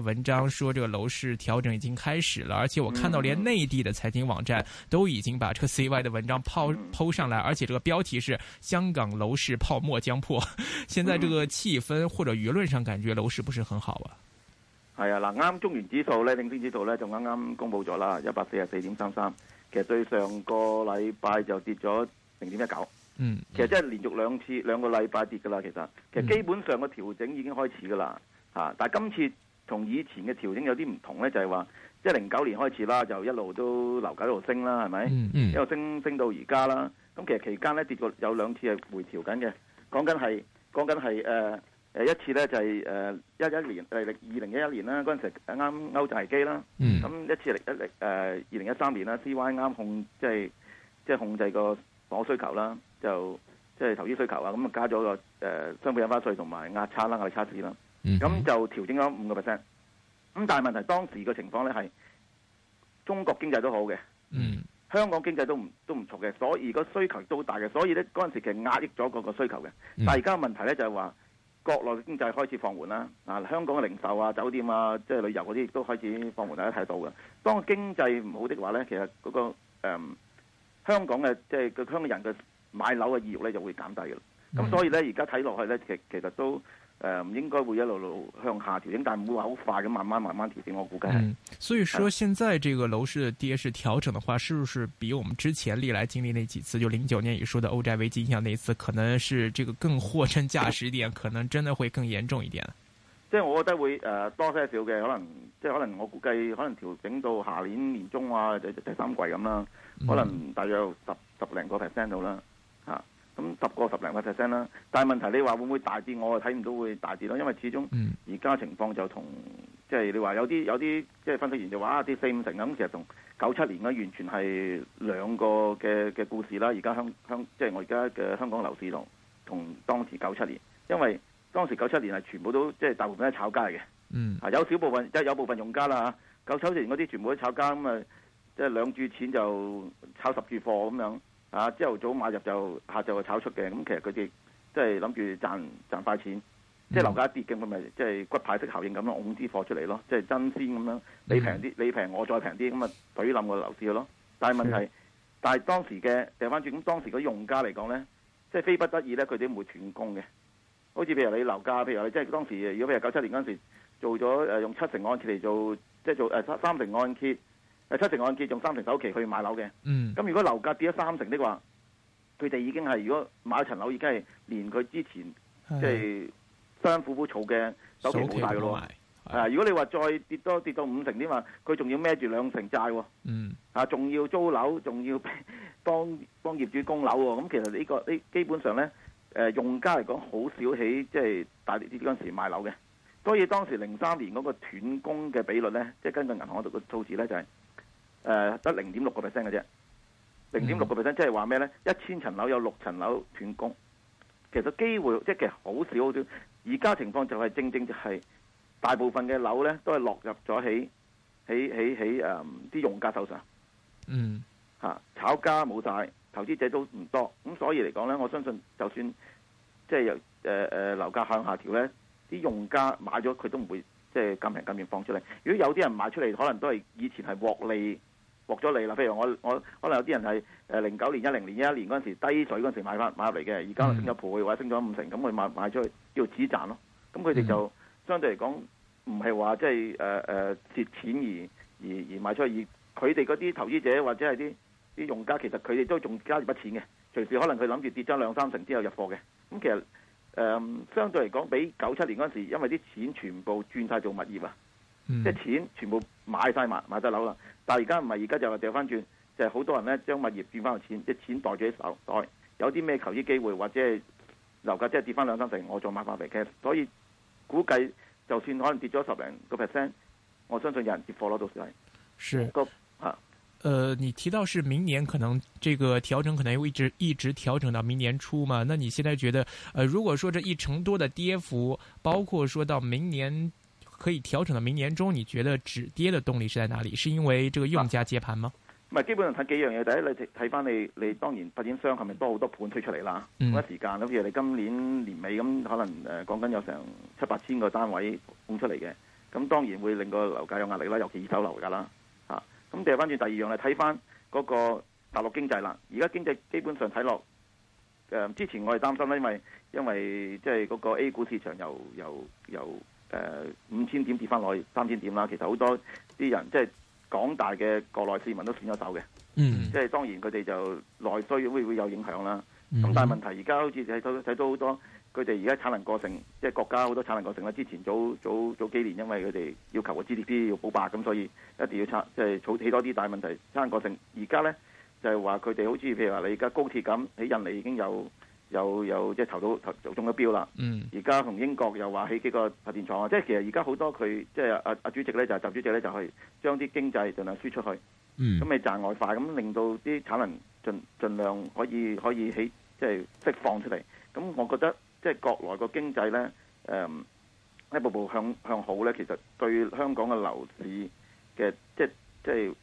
文章說，這個樓市調整已經開始了，而且我看到連內地的財經網站都已經把這個 CY 的文章拋上來，而且這個標題是《香港樓市泡沫將破》。現在這個氣氛或者輿論上，感覺樓市不是很好啊。係啊，嗱，啱中原指數呢，領先指數呢，就啱啱公布咗啦，一百四十四點三三。其實對上個禮拜就跌咗零點一九，嗯，其實即係連續兩次兩個禮拜跌噶啦，其實其實基本上個調整已經開始噶啦，吓、嗯啊，但係今次。從以前嘅調整有啲唔同咧，就係話即係零九年開始啦，就一路都樓價一路升啦，係咪？嗯嗯，一路升升到而家啦。咁其實期間咧跌過有兩次係回調緊嘅。講緊係講緊係誒誒一次咧就係誒一一年誒二零一一年啦，嗰陣時啱歐債危機啦。咁一次嚟一嚟誒二零一三年啦，C Y 啱控即係即係控制個房需求啦，就即係投資需求啊，咁啊加咗個誒雙倍印花稅同埋壓差啦，壓力測試啦。咁、mm -hmm. 就調整咗五個 percent，咁但係問題當時個情況咧係中國經濟都好嘅，mm -hmm. 香港經濟都唔都唔錯嘅，所以個需求都大嘅，所以咧嗰陣時其實壓抑咗個個需求嘅。但係而家問題咧就係話國內嘅經濟開始放緩啦，香港嘅零售啊、酒店啊、即、就、係、是、旅遊嗰啲亦都開始放緩，大家睇到嘅。當經濟唔好的話咧，其實嗰、那個、誒、香港嘅即係個香港人嘅買樓嘅意欲咧就會減低嘅。咁、mm -hmm. 所以咧而家睇落去咧，其實其實都。誒、呃、唔應該會一路路向下調整，但係唔會話好快咁，慢慢慢慢調整。我估計，嗯，所以說，現在這個樓市的跌勢調整的話，是不是比我們之前歷來經歷那幾次，就零九年以說的歐債危機影響那一次，可能是這個更貨真價實啲，可能真的會更嚴重一點。即係我覺得會誒、呃、多些少嘅，可能即係可能我估計，可能調整到下年年中啊，第第三季咁啦，可能大約有十、嗯、十零個 percent 度啦。咁、嗯、十個十零個 percent 啦，但係問題你話會唔會大跌，我睇唔到會大跌咯，因為始終而家情況就同即係你話有啲有啲即係分析員就話啲、啊、四五成啦，咁其實同九七年咧完全係兩個嘅嘅故事啦。而家香香即係我而家嘅香港樓市度，同當時九七年，因為當時九七年係全部都即係、就是、大部分都炒家嘅，啊、mm. 有少部分即係、就是、有部分用家啦嚇，九七年嗰啲全部都炒家咁啊，即係兩注錢就炒十注貨咁樣。啊！朝頭早買入就下晝就炒出嘅，咁、嗯、其實佢哋即係諗住賺賺快錢，mm -hmm. 即係樓價跌嘅，佢咪即係骨牌式效應咁咯，㧬啲貨出嚟咯，即係爭先咁樣，你平啲，mm -hmm. 你平我再平啲，咁啊，懟冧個樓市咯。但係問題，mm -hmm. 但係當時嘅掉翻轉，咁當時嘅用家嚟講咧，即係非不得已咧，佢哋都唔會斷供嘅。好似譬如你樓價，譬如你即係當時，如果譬如九七年嗰陣時做咗誒、呃、用七成按揭嚟做，即係做誒三、呃、三成按揭。七成按揭，仲三成首期去買樓嘅。咁、嗯、如果樓價跌咗三成的話，佢哋已經係如果買一層樓已經係連佢之前即係辛辛苦苦儲嘅首期好大嘅咯。係啊，如果你話再跌多跌到五成的話，佢仲要孭住兩成債、哦。嗯。啊，仲要租樓，仲要幫幫業主供樓喎、哦。咁其實呢、這個呢基本上咧，誒用家嚟講好少起即係大跌跌嗰陣時買樓嘅。所以當時零三年嗰個斷供嘅比率咧，即、就、係、是、根據銀行度嘅數字咧，就係、是。誒、呃，得零點六個 percent 嘅啫，零點六個 percent 即係話咩咧？一千層樓有六層樓斷供，其實機會即係其實好少好少。而家情況就係、是、正正就係大部分嘅樓咧，都係落入咗喺喺喺喺誒啲用家手上。嗯、mm. 啊，吓炒家冇晒，投資者都唔多。咁所以嚟講咧，我相信就算即係由誒誒樓價向下調咧，啲用家買咗佢都唔會即係咁平咁便放出嚟。如果有啲人買出嚟，可能都係以前係獲利。獲咗利啦，譬如我我可能有啲人係誒零九年、一零年、一一年嗰陣時低水嗰陣時買翻買入嚟嘅，而家升咗倍或者升咗五成，咁佢賣賣出去叫止賺咯。咁佢哋就相對嚟講唔係話即係誒誒蝕錢而而而賣出去，而佢哋嗰啲投資者或者係啲啲用家，其實佢哋都仲加住筆錢嘅，隨時可能佢諗住跌咗兩三成之後入貨嘅。咁其實誒、呃、相對嚟講，比九七年嗰陣時，因為啲錢全部轉晒做物業啊。即、嗯、係、就是、錢全部買晒物買曬樓啦，但係而家唔係，而家就掉翻轉，就係、是、好多人咧將物業變翻個錢，即、就、係、是、錢袋住喺手袋，有啲咩投資機會或者係樓價即係跌翻兩三成，我再買翻嚟嘅，所以估計就算可能跌咗十零個 percent，我相信有人接貨囉，到時係。是，啊，呃，你提到是明年可能這個調整可能會一直一直調整到明年初嘛？那你現在覺得，呃，如果說這一成多的跌幅，包括說到明年。可以調整到明年中，你覺得止跌嘅動力是在哪裏？是因為這個用家接盤嗎？唔係，基本上睇幾樣嘢。第一，你睇翻你你當然發展商係咪多好多盤推出嚟啦？咁、嗯、一時間，好似你今年年尾咁，可能誒講緊有成七八千個單位供出嚟嘅，咁當然會令個樓價有壓力啦，尤其二手樓價啦。吓、啊，咁掉翻轉第二樣你睇翻嗰個大陸經濟啦。而家經濟基本上睇落，誒、呃，之前我係擔心啦，因為因為即係嗰個 A 股市場又又又。誒、呃、五千點跌翻落三千點啦，其實好多啲人即係廣大嘅國內市民都損咗手嘅。嗯、mm -hmm.，即係當然佢哋就內需會會有影響啦。咁、mm -hmm. 但係問題而家好似睇到睇到好多佢哋而家產能過剩，即係國家好多產能過剩啦。之前早早早幾年因為佢哋要求個 GDP 要補八，咁所以一定要拆，即係儲起多啲。大問題產能過剩，而家咧就係話佢哋好似譬如話你而家高鐵咁，喺印尼已經有。有有即係投到投中咗標啦。嗯，而家同英國又話起幾個發電廠，就是就是、啊。即係其實而家好多佢即係阿阿主席咧，就是、習主席咧，就係將啲經濟盡量輸出去。嗯，咁咪賺外快，咁令到啲產能盡儘量可以可以起即係、就是、釋放出嚟。咁我覺得即係、就是、國內個經濟咧，誒、嗯、一步步向向好咧，其實對香港嘅樓市嘅即係即係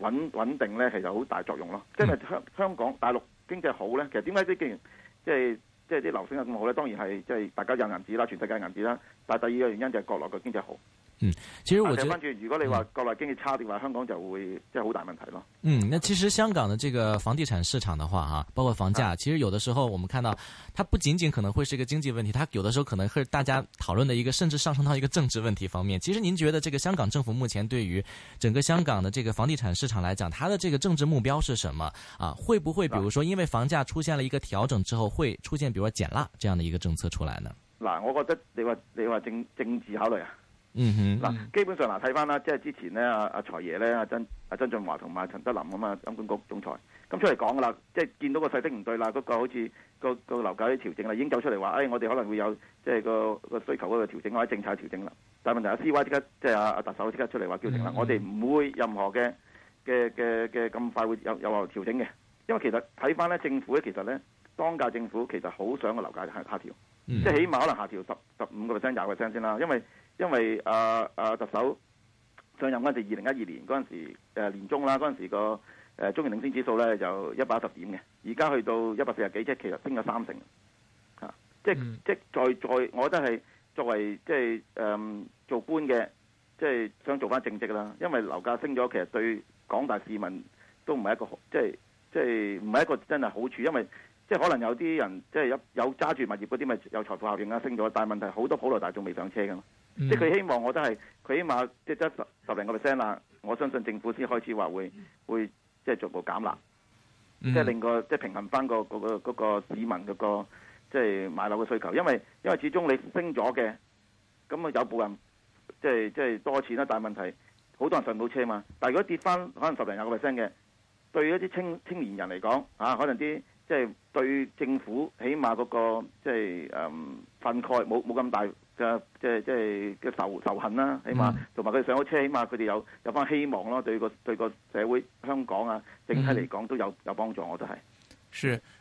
穩穩定咧，係有好大作用咯。即係香香港大陸經濟好咧，其實點解啲經？即係即係啲樓升得咁好咧，當然係即係大家有銀紙啦，全世界銀紙啦。但係第二個原因就係國內嘅經濟好。嗯，其實我覺得，如果你話國內經濟差嘅話，香港就會即係好大問題咯。嗯，那其實香港的這個房地產市場的話，哈，包括房價，其實有的時候我們看到，它不僅僅可能會是一個經濟問題，它有的時候可能會大家討論的一個，甚至上升到一個政治問題方面。其實您覺得，這個香港政府目前對於整個香港的這個房地產市場來講，它的這個政治目標是什麼？啊，會不會，比如說因為房價出現了一個調整之後，會出現，比如說減辣這樣的一個政策出來呢？嗱，我覺得你話你話政政治考慮啊。嗯哼，嗱、嗯，基本上嗱，睇翻啦，即係之前咧，阿阿財爺咧，阿、啊、曾阿、啊、曾俊華同埋陳德霖咁啊，金管局總裁，咁出嚟講噶啦，即係見到個勢色唔對啦，嗰、那個好似、那個、那個樓價啲調整啦，已經走出嚟話，誒、哎，我哋可能會有即係個個需求嗰度調整或者政策的調整啦。但係問題阿 CY 即刻即係阿阿特首即刻出嚟話叫停啦，我哋唔會任何嘅嘅嘅嘅咁快會有有調整嘅，因為其實睇翻咧，政府咧其實咧當屆政府其實好想個樓價係下調。即、mm、係 -hmm. 起碼可能下調十十五個 percent、廿個 percent 先啦，因為因為啊啊、呃、特首上任嗰陣時二零一二年嗰陣時、呃、年中啦，嗰陣時個、呃、中型領先指數咧就一百一十點嘅，而家去到一百四十幾，即係其實升咗三成。嚇、啊 mm -hmm.，即係即係再再，我覺得係作為即係誒做官嘅，即係、呃、想做翻政績啦，因為樓價升咗，其實對廣大市民都唔係一個即係即係唔係一個真係好處，因為。即係可能有啲人，即係有有揸住物業嗰啲，咪有財富效應啊，升咗。但係問題好多普羅大眾未上車㗎嘛，mm -hmm. 即係佢希望我都係，佢起碼即得十零個 percent 啦。我相信政府先開始話會會即係逐步減辣、mm -hmm.，即係令個即係平衡翻、嗰個嗰、嗰個、嗰個市民嘅、嗰個即係買樓嘅需求。因為因為始終你升咗嘅，咁啊有部分，即係即係多錢啦。但係問題好多人上唔到車嘛。但係如果跌翻可能十零廿個 percent 嘅，對於一啲青青年人嚟講啊，可能啲。即、就、係、是、對政府，起碼嗰、那個即係誒憤慨冇冇咁大嘅，即係即係嘅仇仇恨啦。起碼同埋佢上咗車，起碼佢哋有有翻希望咯。對個對個社會香港啊，整體嚟講都有、嗯、有幫助，我覺得係。是。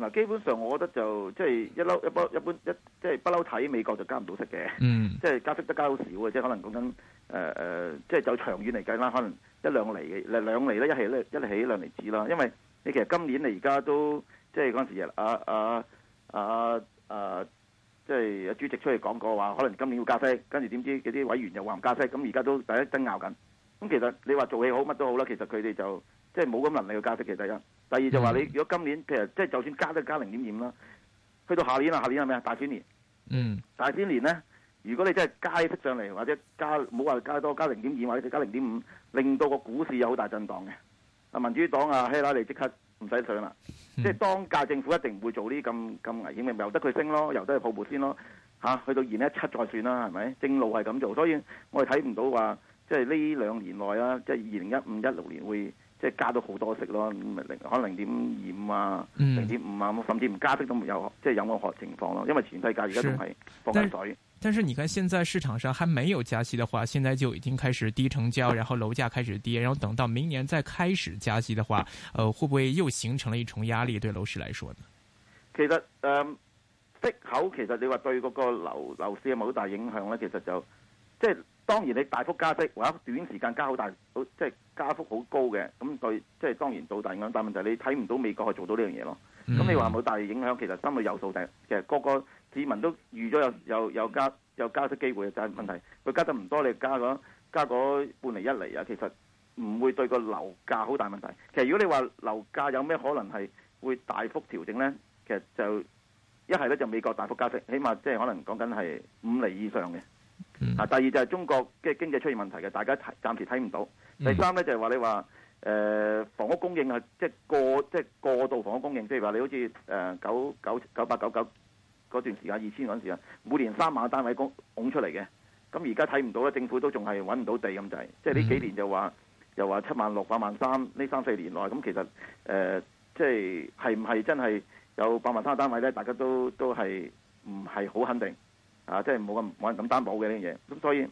嗱，基本上我覺得就即係、就是、一嬲一包一般一即係不嬲睇美國就加唔到息嘅，即、mm. 係加息得加好少嘅，即、就、係、是、可能講緊誒誒，即係走長遠嚟計啦，可能一兩厘嘅，兩厘咧一係咧一起兩厘紙啦。因為你其實今年嚟而家都即係嗰陣時阿阿阿即係阿主席出嚟講過話，可能今年要加息，跟住點知嗰啲委員又話唔加息，咁而家都大家爭拗緊。咁其實你話做嘢好乜都好啦，其實佢哋就即係冇咁能力去加息，其實一。第二就話你，如果今年譬如，即係就算加都加零點五啦，去到下年啊，下年係咩啊？大選年，嗯，大選年咧，如果你真係加息上嚟，或者加冇話加多加零點二五或者加零點五，令到個股市有好大震盪嘅。啊，民主黨啊希拉里即刻唔使上啦，嗯，即係當屆政府一定唔會做呢咁咁危險嘅，由得佢升咯，由得佢泡沫先咯，吓、啊，去到二零一七再算啦，係咪？正路係咁做，所以我哋睇唔到話即係呢兩年內啦，即係二零一五一六年會。即係加到好多息咯，零可能零點二五啊，零點五啊，甚至唔加息都冇有，即係有咁個情況咯？因為全世界而家都係放緊水但。但是你看，現在市場上還沒有加息的話，現在就已經開始低成交，然後樓價開始跌，然後等到明年再開始加息的話，呃，會不會又形成了一重壓力對樓市來說呢？其實，誒、呃，息口其實你話對嗰個樓樓市有冇好大影響呢？其實就即係。當然你大幅加息或者短時間加好大即係加幅好高嘅，咁對即係當然做大影響，但問題你睇唔到美國係做到呢樣嘢咯。咁、嗯、你話冇大影響，其實心裏有數定其實個個市民都預咗有有有加有加息機會，嘅、就、係、是、問題佢加得唔多，你加咗加半厘一厘啊，其實唔會對個樓價好大問題。其實如果你話樓價有咩可能係會大幅調整呢？其實就一係呢，就美國大幅加息，起碼即係可能講緊係五厘以上嘅。啊、嗯！第二就係中國即係經濟出現問題嘅，大家暫時睇唔到。第三咧就係、是、話你話誒、呃、房屋供應係即係過即係、就是、過度房屋供應，即係話你好似誒九九九八九九嗰段時間，二千嗰陣時啊，每年三萬單位供拱出嚟嘅。咁而家睇唔到啦，政府都仲係揾唔到地咁滯。即係呢幾年就話又話七萬六八萬三呢三四年內咁，其實誒即係係唔係真係有八萬三嘅單位咧？大家都都係唔係好肯定。啊，即係冇咁冇咁擔保嘅呢樣嘢，咁所以、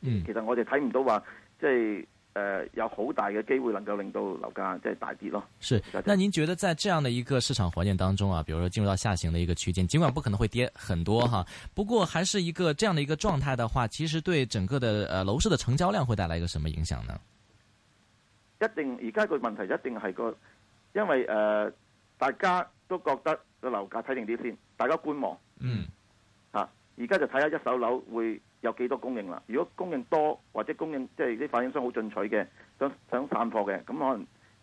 嗯、其實我哋睇唔到話，即係誒、呃、有好大嘅機會能夠令到樓價即係大跌咯。是，那您覺得在這樣的一個市場環境當中啊，比如說進入到下行的一個區間，儘管不可能會跌很多哈、啊，不過還是一個這樣的一個狀態的話，其實對整個的誒、呃、樓市的成交量會帶來一個什麼影響呢？一定而家個問題一定係個，因為誒、呃、大家都覺得個樓價睇定啲先，大家觀望，嗯。而家就睇下一手樓會有幾多供應啦。如果供應多或者供應即係啲發展商好進取嘅，想想散貨嘅，咁可能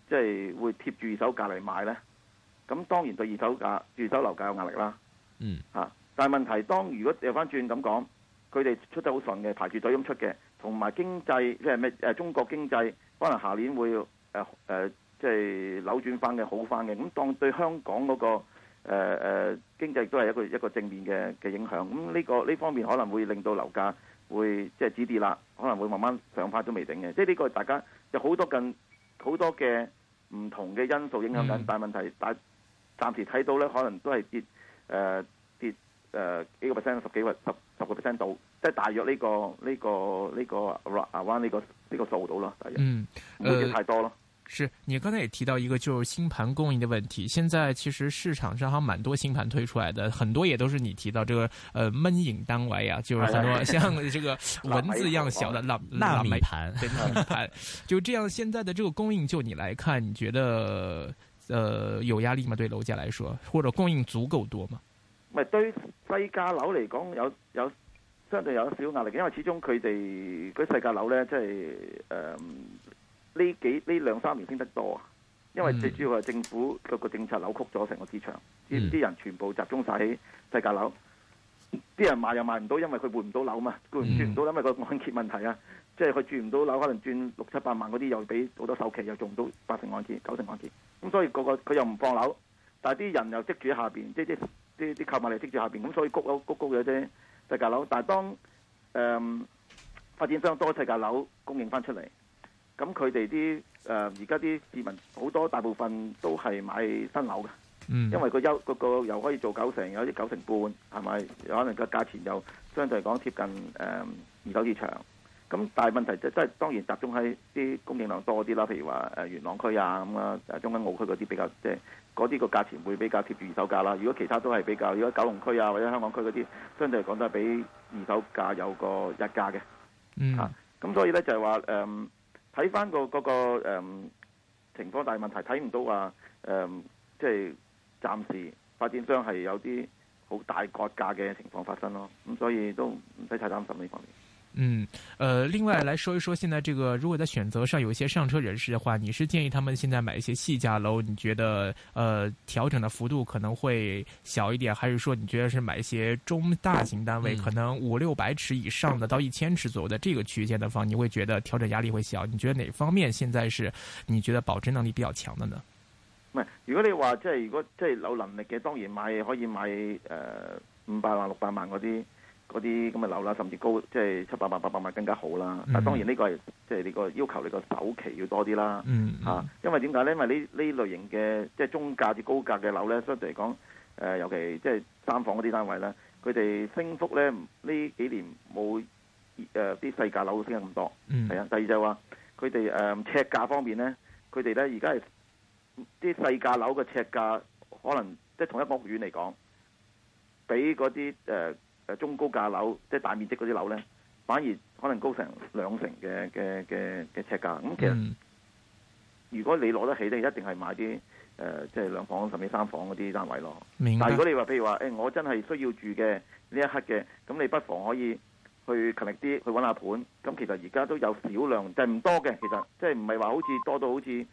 即係、就是、會貼住二手價嚟賣咧。咁當然對二手價、二手樓價有壓力啦。嗯，嚇、啊。但係問題當如果掉翻轉咁講，佢哋出得好順嘅，排住隊咁出嘅，同埋經濟即係咩？誒，中國經濟可能下年會誒誒，即、呃、係、呃就是、扭轉翻嘅，好翻嘅。咁當對香港嗰、那個。誒、呃、誒，經濟都係一個一個正面嘅嘅影響。咁、嗯、呢、這個呢方面可能會令到樓價會即係止跌啦，可能會慢慢上返都未定嘅。即係呢個大家有好多更好多嘅唔同嘅因素影響緊、嗯，但係問題但，暫時睇到咧，可能都係跌誒、呃、跌誒、呃、幾個 percent 十幾或十十個 percent 度，即係大約呢、這個呢、這個呢、這個 round 呢個呢、這個數到咯。嗯，唔會跌太多咯。呃是你剛才也提到一個，就是新盤供應的問題。現在其實市場上還蠻多新盤推出來的，很多也都是你提到這個呃悶影單位呀、啊，就是很多像這個蚊子一樣小的納納 米盤。納米盤就這樣，現在的這個供應，就你來看，你覺得呃有壓力嗎？對樓價來說，或者供應足夠多嗎？唔係，對低價樓嚟講有有相對有少壓力，因為始終佢哋嗰啲細價樓呢即係誒。呃呢幾呢兩三年升得多啊，因為最主要係政府個政策扭曲咗成個市場，啲、嗯、人全部集中晒喺細價樓，啲人賣又賣唔到，因為佢換唔到樓嘛，轉唔轉唔到，因為,佢唔、嗯、因為個按揭問題啊，即係佢轉唔到樓，可能轉六七百萬嗰啲又俾好多首期又做唔到八成按揭、九成按揭，咁、嗯、所以、個個佢又唔放樓，但係啲人又積住喺下邊，即係即係啲啲購物嚟積住下邊，咁所以谷高谷高嘅啫細價樓，但係當誒、呃、發展商多細價樓供應翻出嚟。咁佢哋啲誒而家啲市民好多，大部分都係買新樓嘅、嗯，因為有個優又可以做九成，有啲九成半，係咪？有可能個價錢又相對嚟講貼近誒、呃、二手市場。咁但係問題即、就、係、係，當然集中喺啲供應量多啲啦，譬如話、呃、元朗區啊咁啦、呃，中間澳區嗰啲比較，即係嗰啲個價錢會比較貼住二手價啦。如果其他都係比較，如果九龍區啊或者香港區嗰啲，相對嚟講都係比二手價有個一價嘅咁、嗯啊、所以咧就係話誒。呃睇翻個嗰個、呃、情況，大問題睇唔到話誒、呃，即係暫時發展商係有啲好大割價嘅情況發生咯，咁所以都唔使太擔心呢方面。嗯，呃，另外來說一說，現在這個如果在選擇上有一些上車人士的話，你是建議他們現在買一些細價樓？你覺得呃調整的幅度可能會小一點，還是說你覺得是買一些中大型單位，可能五六百尺以上的到一千尺左右的這個區間的話，你會覺得調整壓力會小？你覺得哪方面現在是你覺得保值能力比較強的呢？如果你話即係如果即係、就是、有能力嘅，當然買可以買呃五百萬六百萬嗰啲。嗰啲咁嘅樓啦，甚至高即係七百萬、八、就、百、是、萬更加好啦、嗯。但係當然呢個係即係你個要求，你個首期要多啲啦。嚇、嗯嗯啊，因為點解咧？因為呢呢類型嘅即係中價至高價嘅樓咧，相對嚟講，誒、呃、尤其即係三房嗰啲單位咧，佢哋升幅咧呢這幾年冇誒啲細價樓升咁多。係、嗯、啊，第二就話佢哋誒尺價方面咧，佢哋咧而家係啲細價樓嘅尺價可能即係、就是、同一個屋苑嚟講，比嗰啲誒。呃誒中高價樓，即係大面積嗰啲樓咧，反而可能高成兩成嘅嘅嘅嘅尺價。咁，嗯，其實如果你攞得起咧，一定係買啲誒，呃，即係兩房甚至三房嗰啲單位咯。但係如果你話譬如話誒，我真係需要住嘅呢一刻嘅，咁你不妨可以去勤力啲去揾下盤。咁其實而家都有少量，就唔多嘅。其實即係唔係話好似多到好似。